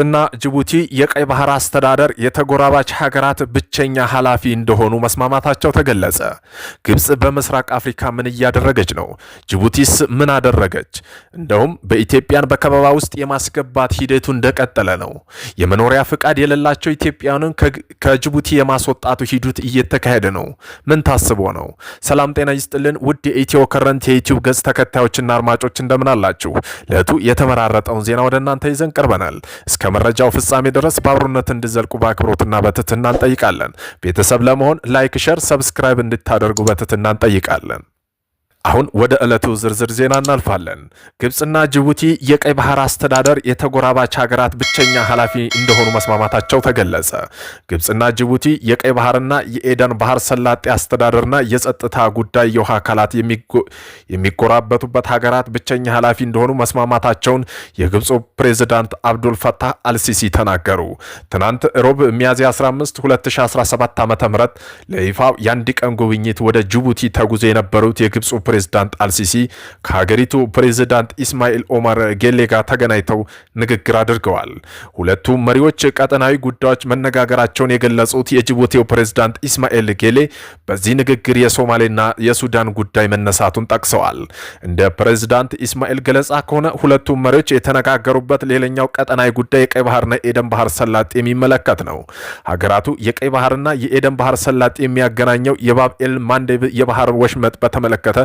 ግብፅና ጅቡቲ የቀይ ባህር አስተዳደር የተጎራባች ሀገራት ብቸኛ ኃላፊ እንደሆኑ መስማማታቸው ተገለጸ። ግብፅ በምስራቅ አፍሪካ ምን እያደረገች ነው? ጅቡቲስ ምን አደረገች? እንደውም በኢትዮጵያን በከበባ ውስጥ የማስገባት ሂደቱ እንደቀጠለ ነው። የመኖሪያ ፍቃድ የሌላቸው ኢትዮጵያውያንን ከጅቡቲ የማስወጣቱ ሂዱት እየተካሄደ ነው። ምን ታስቦ ነው? ሰላም ጤና ይስጥልን ውድ የኢትዮ ከረንት የዩቲዩብ ገጽ ተከታዮችና አድማጮች እንደምን አላችሁ? ለቱ የተመራረጠውን ዜና ወደ እናንተ ይዘን ቀርበናል። እስከ ከመረጃው ፍጻሜ ድረስ በአብሮነት እንዲዘልቁ በአክብሮትና በትህትና እንጠይቃለን። ቤተሰብ ለመሆን ላይክ፣ ሸር፣ ሰብስክራይብ እንድታደርጉ በትህትና እንጠይቃለን። አሁን ወደ ዕለቱ ዝርዝር ዜና እናልፋለን። ግብፅና ጅቡቲ የቀይ ባህር አስተዳደር የተጎራባች ሀገራት ብቸኛ ኃላፊ እንደሆኑ መስማማታቸው ተገለጸ። ግብፅና ጅቡቲ የቀይ ባህርና የኤደን ባህር ሰላጤ አስተዳደርና የጸጥታ ጉዳይ የውሃ አካላት የሚጎራበቱበት ሀገራት ብቸኛ ኃላፊ እንደሆኑ መስማማታቸውን የግብፁ ፕሬዚዳንት አብዱልፈታህ አልሲሲ ተናገሩ። ትናንት ሮብ ሚያዝያ 15 2017 ዓ ም ለይፋ የአንድ ቀን ጉብኝት ወደ ጅቡቲ ተጉዞ የነበሩት የግብፁ ፕሬዝዳንት አልሲሲ ከሀገሪቱ ፕሬዝዳንት ኢስማኤል ኦማር ጌሌ ጋር ተገናኝተው ንግግር አድርገዋል። ሁለቱ መሪዎች ቀጠናዊ ጉዳዮች መነጋገራቸውን የገለጹት የጅቡቲው ፕሬዝዳንት ኢስማኤል ጌሌ በዚህ ንግግር የሶማሌና የሱዳን ጉዳይ መነሳቱን ጠቅሰዋል። እንደ ፕሬዝዳንት ኢስማኤል ገለጻ ከሆነ ሁለቱም መሪዎች የተነጋገሩበት ሌላኛው ቀጠናዊ ጉዳይ የቀይ ባህርና የኤደን ባህር ሰላጤ የሚመለከት ነው። ሀገራቱ የቀይ ባህርና የኤደን ባህር ሰላጤ የሚያገናኘው የባብ ኤል ማንዴብ የባህር ወሽመጥ በተመለከተ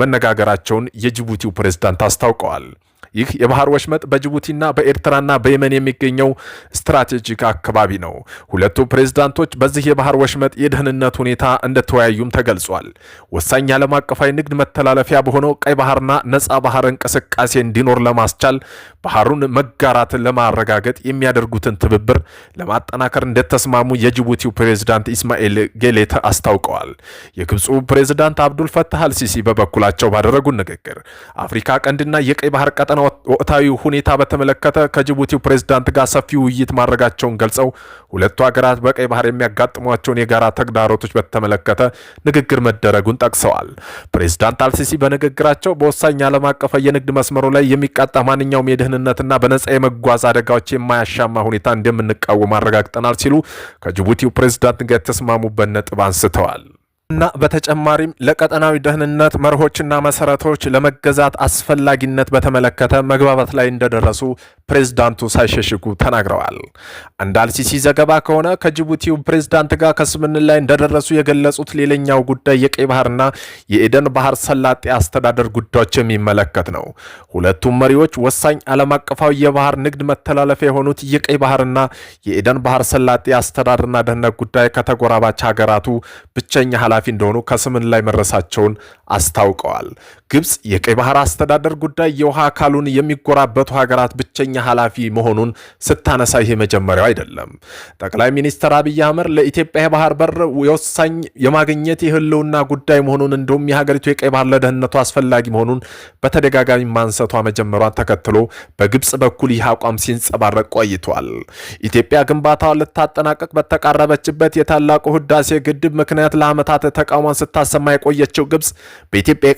መነጋገራቸውን የጅቡቲው ፕሬዝዳንት አስታውቀዋል። ይህ የባህር ወሽመጥ በጅቡቲና በኤርትራና በየመን የሚገኘው ስትራቴጂክ አካባቢ ነው። ሁለቱ ፕሬዝዳንቶች በዚህ የባህር ወሽመጥ የደህንነት ሁኔታ እንደተወያዩም ተገልጿል። ወሳኝ ዓለም አቀፋዊ ንግድ መተላለፊያ በሆነው ቀይ ባህርና ነፃ ባህር እንቅስቃሴ እንዲኖር ለማስቻል ባህሩን መጋራትን ለማረጋገጥ የሚያደርጉትን ትብብር ለማጠናከር እንደተስማሙ የጅቡቲው ፕሬዝዳንት ኢስማኤል ጌሌት አስታውቀዋል። የግብፁ ፕሬዝዳንት አብዱል ፈታህ አልሲሲ በበኩላቸው ባደረጉት ንግግር አፍሪካ ቀንድና የቀይ ባህር ቀጠና ወቅታዊ ሁኔታ በተመለከተ ከጅቡቲው ፕሬዝዳንት ጋር ሰፊ ውይይት ማድረጋቸውን ገልጸው ሁለቱ ሀገራት በቀይ ባህር የሚያጋጥሟቸውን የጋራ ተግዳሮቶች በተመለከተ ንግግር መደረጉን ጠቅሰዋል። ፕሬዝዳንት አልሲሲ በንግግራቸው በወሳኝ ዓለም አቀፍ የንግድ መስመሩ ላይ የሚቃጣ ማንኛውም የደህንነትና በነጻ የመጓዝ አደጋዎች የማያሻማ ሁኔታ እንደምንቃወም አረጋግጠናል ሲሉ ከጅቡቲው ፕሬዝዳንት ጋር የተስማሙበት ነጥብ አንስተዋል። እና በተጨማሪም ለቀጠናዊ ደህንነት መርሆችና መሰረቶች ለመገዛት አስፈላጊነት በተመለከተ መግባባት ላይ እንደደረሱ ፕሬዝዳንቱ ሳይሸሽጉ ተናግረዋል። እንደ አልሲሲ ዘገባ ከሆነ ከጅቡቲው ፕሬዝዳንት ጋር ከስምምነት ላይ እንደደረሱ የገለጹት ሌላኛው ጉዳይ የቀይ ባህርና የኤደን ባህር ሰላጤ አስተዳደር ጉዳዮች የሚመለከት ነው። ሁለቱም መሪዎች ወሳኝ ዓለም አቀፋዊ የባህር ንግድ መተላለፊያ የሆኑት የቀይ ባህርና የኤደን ባህር ሰላጤ አስተዳደርና ደህንነት ጉዳይ ከተጎራባች ሀገራቱ ብቸኛ ኃላፊ እንደሆኑ ከስምን ላይ መድረሳቸውን አስታውቀዋል። ግብፅ የቀይ ባህር አስተዳደር ጉዳይ የውሃ አካሉን የሚጎራበቱ ሀገራት ብቸኛ ኃላፊ መሆኑን ስታነሳ ይሄ መጀመሪያው አይደለም። ጠቅላይ ሚኒስትር አብይ አህመድ ለኢትዮጵያ የባህር በር የወሳኝ የማግኘት የህልውና ጉዳይ መሆኑን እንዲሁም የሀገሪቱ የቀይ ባህር ለደህንነቱ አስፈላጊ መሆኑን በተደጋጋሚ ማንሰቷ መጀመሯን ተከትሎ በግብፅ በኩል ይህ አቋም ሲንጸባረቅ ቆይቷል። ኢትዮጵያ ግንባታዋን ልታጠናቀቅ በተቃረበችበት የታላቁ ህዳሴ ግድብ ምክንያት ለዓመታት ተቃውሟን ስታሰማ የቆየችው ግብፅ በኢትዮጵያ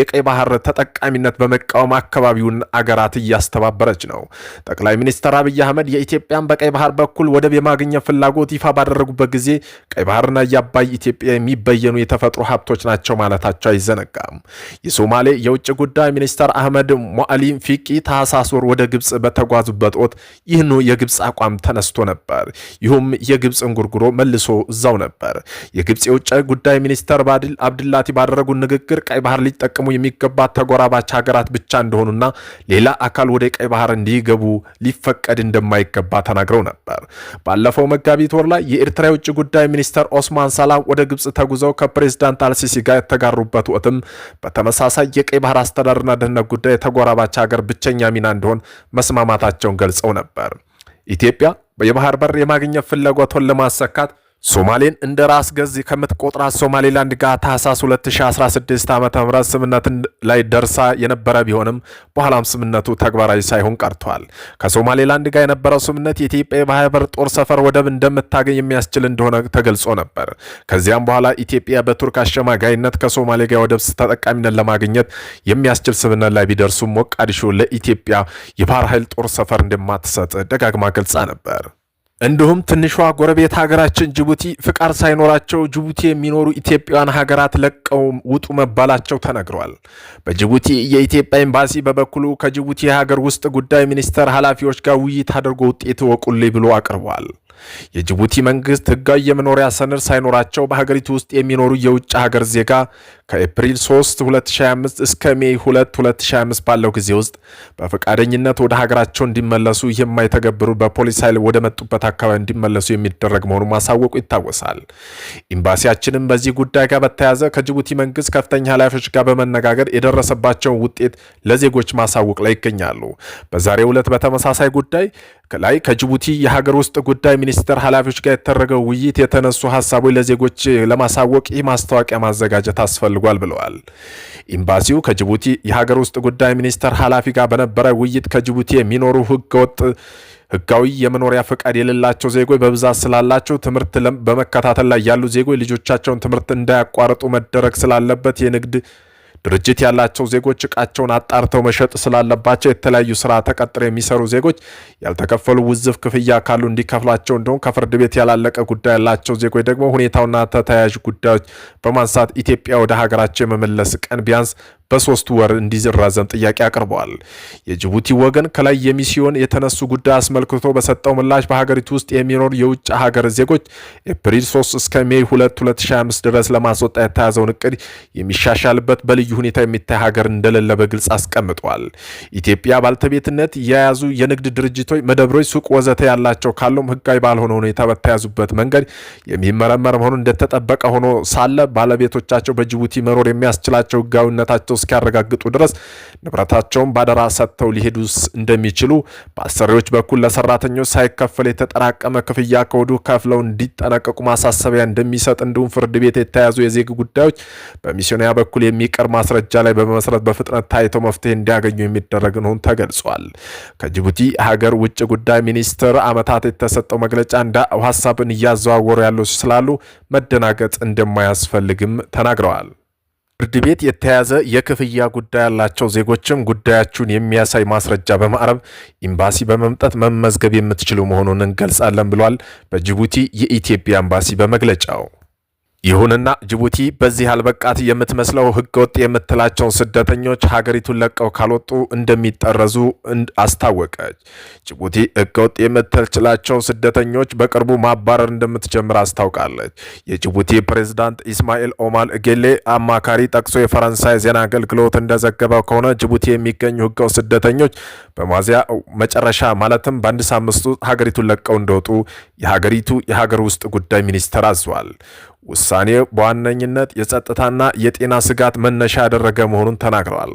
የቀይ ባህር ተጠቃሚነት በመቃወም አካባቢውን አገራት እያስተባበረች ነው። ጠቅላይ ሚኒስትር አብይ አህመድ የኢትዮጵያን በቀይ ባህር በኩል ወደብ የማግኘት ፍላጎት ይፋ ባደረጉበት ጊዜ ቀይ ባህርና የአባይ ኢትዮጵያ የሚበየኑ የተፈጥሮ ሀብቶች ናቸው ማለታቸው አይዘነጋም። የሶማሌ የውጭ ጉዳይ ሚኒስትር አህመድ ሞአሊም ፊቂ ታህሳስ ወር ወደ ግብፅ በተጓዙበት ወቅት ይህኑ የግብፅ አቋም ተነስቶ ነበር። ይሁም የግብፅ እንጉርጉሮ መልሶ እዛው ነበር። የግብፅ የውጭ ጉዳይ ሚኒስትር ባድል አብድላቲ ባደረጉት ንግግር ንግግር ቀይ ባህር ሊጠቀሙ የሚገባ ተጎራባች ሀገራት ብቻ እንደሆኑና ሌላ አካል ወደ ቀይ ባህር እንዲገቡ ሊፈቀድ እንደማይገባ ተናግረው ነበር። ባለፈው መጋቢት ወር ላይ የኤርትራ የውጭ ጉዳይ ሚኒስተር ኦስማን ሳላም ወደ ግብፅ ተጉዘው ከፕሬዚዳንት አልሲሲ ጋር የተጋሩበት ወቅትም በተመሳሳይ የቀይ ባህር አስተዳደርና ደህንነት ጉዳይ የተጎራባች ሀገር ብቸኛ ሚና እንደሆን መስማማታቸውን ገልጸው ነበር። ኢትዮጵያ የባህር በር የማግኘት ፍላጎቷን ለማሰካት ሶማሌን እንደ ራስ ገዝ ከምትቆጥራት ሶማሌላንድ ጋር ታህሳስ 2016 ዓ ም ስምነት ላይ ደርሳ የነበረ ቢሆንም በኋላም ስምነቱ ተግባራዊ ሳይሆን ቀርቷል። ከሶማሌላንድ ጋር የነበረው ስምነት የኢትዮጵያ የባህር በር ጦር ሰፈር ወደብ እንደምታገኝ የሚያስችል እንደሆነ ተገልጾ ነበር። ከዚያም በኋላ ኢትዮጵያ በቱርክ አሸማጋይነት ከሶማሌ ጋር ወደብ ተጠቃሚነት ለማግኘት የሚያስችል ስምነት ላይ ቢደርሱም ሞቃዲሾ ለኢትዮጵያ የባህር ኃይል ጦር ሰፈር እንደማትሰጥ ደጋግማ ገልጻ ነበር። እንዲሁም ትንሿ ጎረቤት ሀገራችን ጅቡቲ ፍቃድ ሳይኖራቸው ጅቡቲ የሚኖሩ ኢትዮጵያውያን ሀገራት ለቀው ውጡ መባላቸው ተነግሯል። በጅቡቲ የኢትዮጵያ ኤምባሲ በበኩሉ ከጅቡቲ የሀገር ውስጥ ጉዳይ ሚኒስቴር ኃላፊዎች ጋር ውይይት አድርጎ ውጤት ወቁልኝ ብሎ አቅርቧል። የጅቡቲ መንግስት ህጋዊ የመኖሪያ ሰነድ ሳይኖራቸው በሀገሪቱ ውስጥ የሚኖሩ የውጭ ሀገር ዜጋ ከኤፕሪል 3 2025 እስከ ሜይ 2 2025 ባለው ጊዜ ውስጥ በፈቃደኝነት ወደ ሀገራቸው እንዲመለሱ የማይተገብሩ በፖሊስ ኃይል ወደ መጡበት አካባቢ እንዲመለሱ የሚደረግ መሆኑ ማሳወቁ ይታወሳል። ኤምባሲያችንም በዚህ ጉዳይ ጋር በተያያዘ ከጅቡቲ መንግስት ከፍተኛ ኃላፊዎች ጋር በመነጋገር የደረሰባቸውን ውጤት ለዜጎች ማሳወቅ ላይ ይገኛሉ። በዛሬው ዕለት በተመሳሳይ ጉዳይ ላይ ከጅቡቲ የሀገር ውስጥ ጉዳይ ሚኒስቴር ኃላፊዎች ጋር የተደረገው ውይይት የተነሱ ሀሳቦች ለዜጎች ለማሳወቅ ይህ ማስታወቂያ ማዘጋጀት አስፈልጓል። ተደርጓል ብለዋል። ኤምባሲው ከጅቡቲ የሀገር ውስጥ ጉዳይ ሚኒስቴር ኃላፊ ጋር በነበረ ውይይት ከጅቡቲ የሚኖሩ ህገወጥ ህጋዊ የመኖሪያ ፈቃድ የሌላቸው ዜጎች በብዛት ስላላቸው ትምህርት በመከታተል ላይ ያሉ ዜጎች ልጆቻቸውን ትምህርት እንዳያቋርጡ መደረግ ስላለበት የንግድ ድርጅት ያላቸው ዜጎች እቃቸውን አጣርተው መሸጥ ስላለባቸው የተለያዩ ስራ ተቀጥረው የሚሰሩ ዜጎች ያልተከፈሉ ውዝፍ ክፍያ ካሉ እንዲከፍላቸው፣ እንዲሁም ከፍርድ ቤት ያላለቀ ጉዳይ ያላቸው ዜጎች ደግሞ ሁኔታውና ተተያያዥ ጉዳዮች በማንሳት ኢትዮጵያ ወደ ሀገራቸው የመመለስ ቀን ቢያንስ በሶስት ወር እንዲራዘም ጥያቄ አቅርበዋል። የጅቡቲ ወገን ከላይ የሚስዮን የተነሱ ጉዳይ አስመልክቶ በሰጠው ምላሽ በሀገሪቱ ውስጥ የሚኖሩ የውጭ ሀገር ዜጎች ኤፕሪል 3 እስከ ሜይ 2 2025 ድረስ ለማስወጣት የተያዘውን እቅድ የሚሻሻልበት በልዩ ሁኔታ የሚታይ ሀገር እንደሌለ በግልጽ አስቀምጧል። ኢትዮጵያ ባልተቤትነት የያዙ የንግድ ድርጅቶች፣ መደብሮች፣ ሱቅ ወዘተ ያላቸው ካለውም ህጋዊ ባልሆነ ሁኔታ በተያዙበት መንገድ የሚመረመር መሆኑ እንደተጠበቀ ሆኖ ሳለ ባለቤቶቻቸው በጅቡቲ መኖር የሚያስችላቸው ህጋዊነታቸው እስኪያረጋግጡ ድረስ ንብረታቸውን ባደራ ሰጥተው ሊሄዱ እንደሚችሉ በአሰሪዎች በኩል ለሰራተኞች ሳይከፈል የተጠራቀመ ክፍያ ከወዱ ከፍለው እንዲጠነቀቁ ማሳሰቢያ እንደሚሰጥ እንዲሁም ፍርድ ቤት የተያዙ የዜግ ጉዳዮች በሚስዮናውያን በኩል የሚቀር ማስረጃ ላይ በመመስረት በፍጥነት ታይተው መፍትሄ እንዲያገኙ የሚደረግ መሆኑን ተገልጿል። ከጅቡቲ ሀገር ውጭ ጉዳይ ሚኒስትር አመታት የተሰጠው መግለጫ እንደ ሀሳብን እያዘዋወሩ ያለው ስላሉ መደናገጥ እንደማያስፈልግም ተናግረዋል። ፍርድ ቤት የተያዘ የክፍያ ጉዳይ ያላቸው ዜጎችም ጉዳያችሁን የሚያሳይ ማስረጃ በማቅረብ ኤምባሲ በመምጣት መመዝገብ የምትችሉ መሆኑን እንገልጻለን ብሏል። በጅቡቲ የኢትዮጵያ ኤምባሲ በመግለጫው ይሁንና ጅቡቲ በዚህ አልበቃት የምትመስለው ህገወጥ የምትላቸውን ስደተኞች ሀገሪቱን ለቀው ካልወጡ እንደሚጠረዙ አስታወቀች። ጅቡቲ ህገወጥ የምትችላቸው ስደተኞች በቅርቡ ማባረር እንደምትጀምር አስታውቃለች። የጅቡቲ ፕሬዝዳንት ኢስማኤል ኦማል እጌሌ አማካሪ ጠቅሶ የፈረንሳይ ዜና አገልግሎት እንደዘገበው ከሆነ ጅቡቲ የሚገኙ ህገወጥ ስደተኞች በሚያዝያ መጨረሻ ማለትም በአንድ ሳምንት ውስጥ ሀገሪቱን ለቀው እንደወጡ የሀገሪቱ የሀገር ውስጥ ጉዳይ ሚኒስቴር አዟል። ውሳኔ በዋነኝነት የጸጥታና የጤና ስጋት መነሻ ያደረገ መሆኑን ተናግረዋል።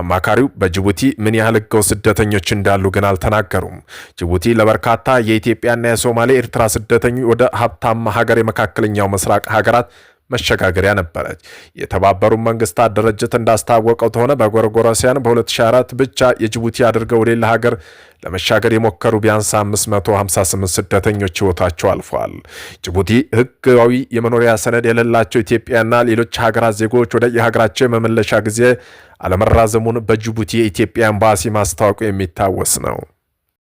አማካሪው በጅቡቲ ምን ያህል ህገው ስደተኞች እንዳሉ ግን አልተናገሩም። ጅቡቲ ለበርካታ የኢትዮጵያና የሶማሌ ኤርትራ ስደተኞች ወደ ሀብታማ ሀገር የመካከለኛው መስራቅ ሀገራት መሸጋገሪያ ነበረች። የተባበሩት መንግስታት ድርጅት እንዳስታወቀው ከሆነ በጎረጎረሲያን በ2004 ብቻ የጅቡቲ አድርገው ሌላ ሀገር ለመሻገር የሞከሩ ቢያንስ 558 ስደተኞች ህይወታቸው አልፏል። ጅቡቲ ህጋዊ የመኖሪያ ሰነድ የሌላቸው ኢትዮጵያና ሌሎች ሀገራት ዜጎች ወደ የሀገራቸው የመመለሻ ጊዜ አለመራዘሙን በጅቡቲ የኢትዮጵያ ኤምባሲ ማስታወቁ የሚታወስ ነው።